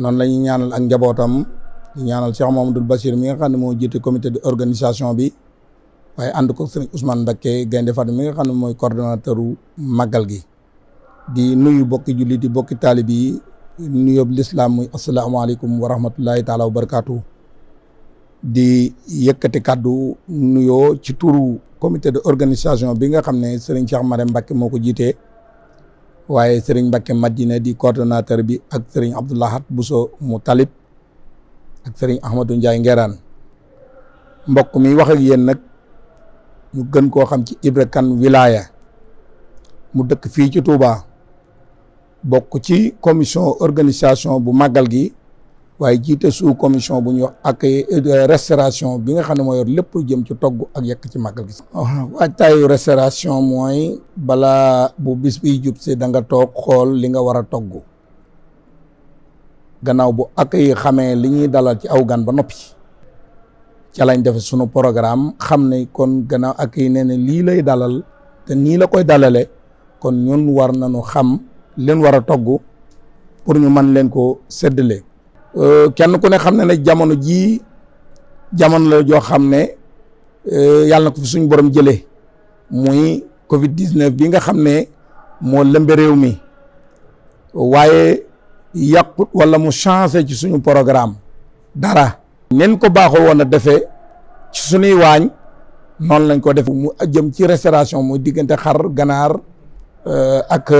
non la ñaanal ak njabotam ñaanal Cheikh Mamadou bassir mi nga xamne mo moo jiite comité d'organisation bi waye and ko Serigne Ousmane Mbacké Gaynde fat mi nga xamne moy coordinateur coordonnateur gi di nuyu bokki julli di bokki taalib yi nuyób lislaam muy alaykum wa rahmatullahi taala wa barakatuh di yëkëti kaddu nuyo ci turu comité d'organisation bi nga xamne Serigne Cheikh Marème Mbacké moko ko waye serigne Mbacke Madina di coordinateur bi ak abdullah hat buso mu talib ak serigne Ahmadou ndjay ngeran mbok mi wax ak yéen nak ñu gën ko xam ci ibrakan wilaya mu dëkk fi ci Touba bokk ci commission organisation bu magalgi gi waaye jiite sous commission bu ñuy wax accueil euh, restauration bi nga xam ne moo yor lépp jëm ci togg ak yekk ci màggal gis waajtaayu restauration mooy balaa bu bis biy jub si da nga toog xool li nga war a toggu gannaaw bu accueil xamee li ñuy dalal ci aw gan ba noppi ca lañ def sunu programme xam ne kon gannaaw accueil nee lii lay dalal te nii la koy dalale kon ñun war na nañu xam leen war a toggu pour ñu mën leen ko séddale Euh, kenn ku ne xam ne ne jamono jii jamono la joo xam ne euh, yàlla na ko fi suñu borom jëlee muy Covid 19 bi nga xam ne moo lëmbe réew mi waaye yàqut walla mu changé ci suñu programme dara. nen ko baaxoo woon a defee ci suñuy waañ noonu lañ koo defee mu jëm ci restauration muy diggante xar ganaar euh, ak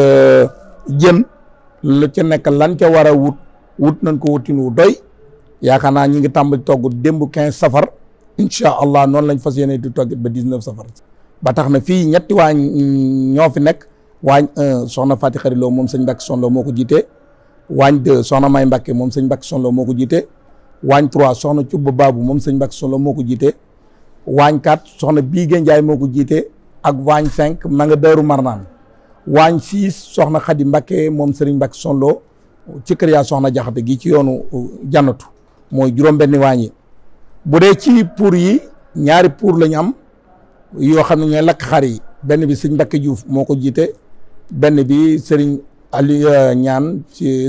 jën lu ci nekk lan ca war a wut. wut nañ ko wutin wu doy yaakaar naa ñu ngi tàmbali togg démb quinze safar incha allah noonu lañ fas yéene di toggit ba dix-neuf safar ba tax na fii ñetti waañ ñoo fi nekk waañ soxna Fati Xari Lo moom sëñ Mbàkke Sonlo moo ko jiitee waañ deux soxna May moom sëñ Mbàkke Sonlo moo ko jiitee waañ trois soxna Cubba Baabu moom sëñ Mbàkke Sonlo moo ko jiitee waañ quatre soxna Biige Njaay moo ko jiite ak waañ cinq ma nga Daaru Marnaan waañ six soxna Xadi Mbàkke moom sëriñ Mbàkke Sonlo ci kër yaa soxna jaxate gi ci yoonu uh, jannatu mooy juróom-benni waañ bu dee ci pour yi ñaari pour lañ am yoo xam ne ñooy lakk xar yi benn bi sëñ Mbakke Juuf moo ko jiite benn bi sëriñ Ali ñaan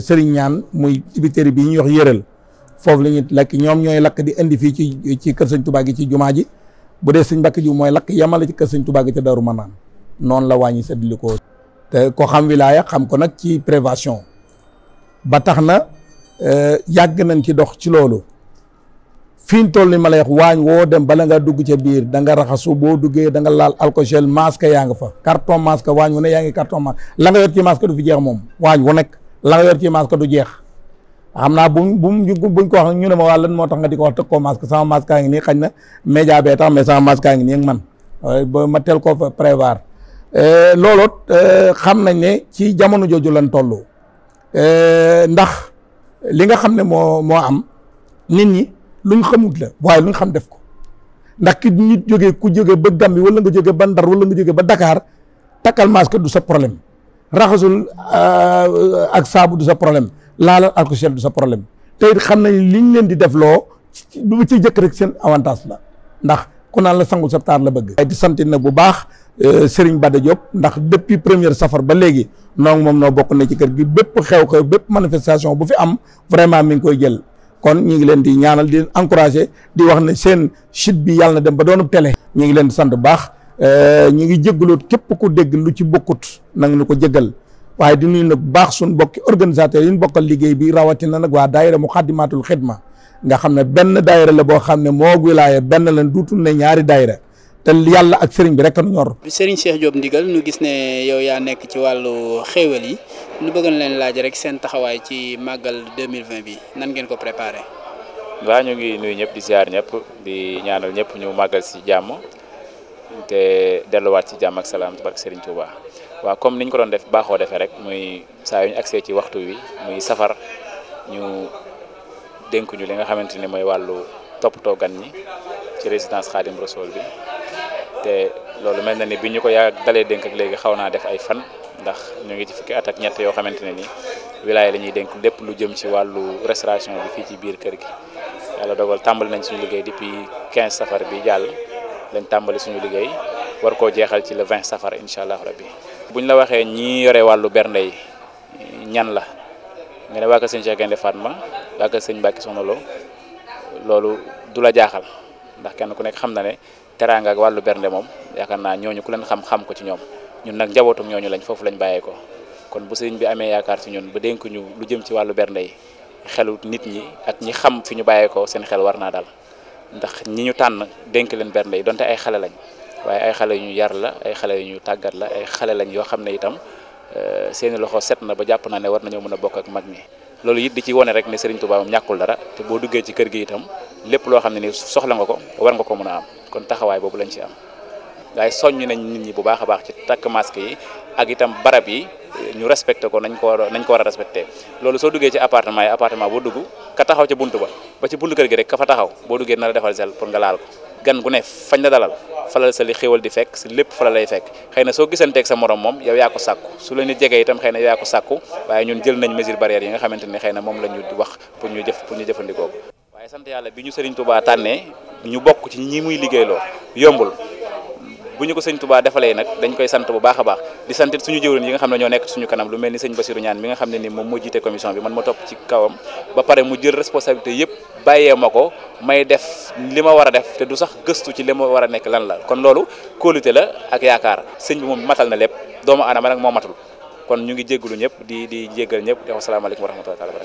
sëriñ ñaan muy dibiteri bi ñuy wax yëral foofu la ñuy ñoom ñooy lakk di indi fii ci ci kër sëñ Tuubaa ci jumaa ji bu dee sëñ Mbakke Juuf mooy lakk yamala ci kër sëñ Tuubaa gi ca Daaru Manaan noonu la wàññi séddale ko ko xam wilaaya xam ko nag ci prévation ba taxna euh yag nañ ci dox ci lolu fiñ toll ni ma lay wax dem bala nga dugg ci biir da nga raxasu bo duggé da nga laal alcool masque ya nga fa carton masque waañ wu ne yaa ngi carton masque la nga yor ci masque du fi jeex mom wañ wu nekk la nga yor ci masque du jeex amna bu bu buñ ko wax ñu ne ma wa lan moo tax nga diko wax tëg masque sama masque a ngi nii xañ na média bee tax mais sama masque a ngi nii ak man ba ma teel koo fa prévoir euh, euh xam nañ ne ci jamono jooju lan tollu Euh, ndax li nga xam ne moo moo am nit ñi luñ xamut la waaye luñ xam def ko ndax ki ñu jógee ku jóge ba Gàmbi wala nga jóge ba Ndar wala nga jógee ba dakaar takkal masque du sa problème raxasul euh, ak saabu du sa problème laalal alcool gel du sa problème te xam xam li ñu leen di def loo bu ci jëkk rek seen avantage la ndax ku naan la sangul sa taar la bëgg. di sant na bu baax. Euh, Serigne Bada Diop ndax depuis première safar ba léegi noonu moom noo bokk nañ ci kër gi bépp xew-xew bépp manifestation bu fi am vraiment mi ngi koy jël kon ñu ngi leen di ñaanal di leen encouragé di wax ne seen site bi yàlla na dem ba doonub télé. ñu ngi leen di sant bu baax euh, ñu ngi jéggalu képp ku dégg lu ci bokkut nang nu ko jéggal waaye di nuyu nag bu baax suñu bokki organisateurs yi ñu bokkal liggéey bi rawatina nag waa daayira Muxaddamatul Xidma nga xam ne benn daayira la boo xam ne moo wilaaya benn lañ duutul ne ñaari daayira té yalla ak sëriñ bi rek a nu ñor. sëriñ Cheikh job Ndigal ñu gis né yow ya nekk ci walu xéewal yi ñu bëggal leen laaj rek seen taxaway ci magal 2020 bi nan ngeen ko préparer waaw ñu ngi nuy ñëpp di ziar ñëpp di ñaanal ñëpp ñu magal ci jamm té te waat ci jamm ak salam barke sëriñ Touba wa comme niñ ko doon def baaxoo def rek muy sa yu accé ci waxtu wi muy safar ñu denku ñu li nga xamanteni moy walu top to gan ñi ci résidence Khadim rasoul bi. te loolu mel na ni bi ñu ko yaa dalee dénk ak léegi xaw naa def ay fan ndax ñu ngi ci fukki at ak ñett yoo xamante ne ni wilaya lañuy ñuy dénk lépp lu jëm ci wàllu restauration bi fii ci biir kër gi yàlla dogal tàmbali nañ suñu liggéey depuis quinze safara bi jàll lañ tàmbali suñu liggéey war koo jeexal ci la vingt safara incha allah rabbi buñ la waxee ñii yore wàllu bernde yi ñan la nga ne waa kër sëñ Cheikh Gaïndé Fatma waa kër sëñ Mbacke Soxna Lo loolu du la jaaxal ndax kenn ku nekk xam na ne teraanga ak wàllu bernde moom yaakaar naa ñooñu ku leen xam-xam ko ci ñoom ñun nag njabootuk ñooñu lañ foofu lañ bàyyee ko kon bu sëriñ bi amee yaakaar ci ñun ba dénk ñu lu jëm ci wàllu bernde yi xelut nit ñi ak ñi xam fi ñu bàyyee ko seen xel war naa daal ndax ñi ñu tànn dénk leen bernde yi donte ay xale lañ waaye ay xale yu ñu yar la ay xale yu ñu tàggat la ay xale lañ yoo xam ne itam euh, seeni loxo set na ba jàpp naa ne war nañoo mën a bokk ak mag mi loolu it di ci wone rek ne Serigne Touba moom ñàkkul dara te boo duggee ci kër gi itam lépp loo xam ne ni soxla nga ko war nga ko mën a am kon taxawaay boobu lañ ci am waaye soñ nañ nit ñi bu baax a baax ci takk masque yi ak itam barab yi eh, ñu respecté ko nañ ko war nañ ko war a respecté loolu soo duggee ci apartement yi appartement boo dugg ka taxaw ca buntu ba ba ci buntu kër gi rek ka fa taxaw boo duggee na defal sel pour nga laal ko gan gu ne fañ la dalal falal sa li di fekk si lépp fala lay fekk xëy na soo gisanteeg sa morom moom yow yaa ko su la ñu jegee itam xëy na yaa ko sàkku waaye ñun jël nañ mesure barrière yi nga xamante ne xëy na moom la ñu wax pour ñu jëf pour ñu jëfandikoo sant yàlla bi ñu sëriñ tubaa tànnee ñu bokk ci ñi muy liggéeyloo yombul bu ñu ko sëñ tubaa defalee nag dañ koy sant bu baax a baax di santit suñu jëwriñ yi nga xam ne ñoo suñu kanam lu mel ni sëñ ñaan mi nga xam ni moom moo jiite commission bi man ma topp ci kawam ba pare mu jël responsabilité yëpp bàyyee may def lima ma war def te du sax gëstu ci li ma war a lan la kon lolu kóolute la ak yaakaar sëñ bi moom matal na lépp doomu matul kon ñu ngi jéggalu ñëpp di di jéggal ñëpp di wax salaamaaleykum wa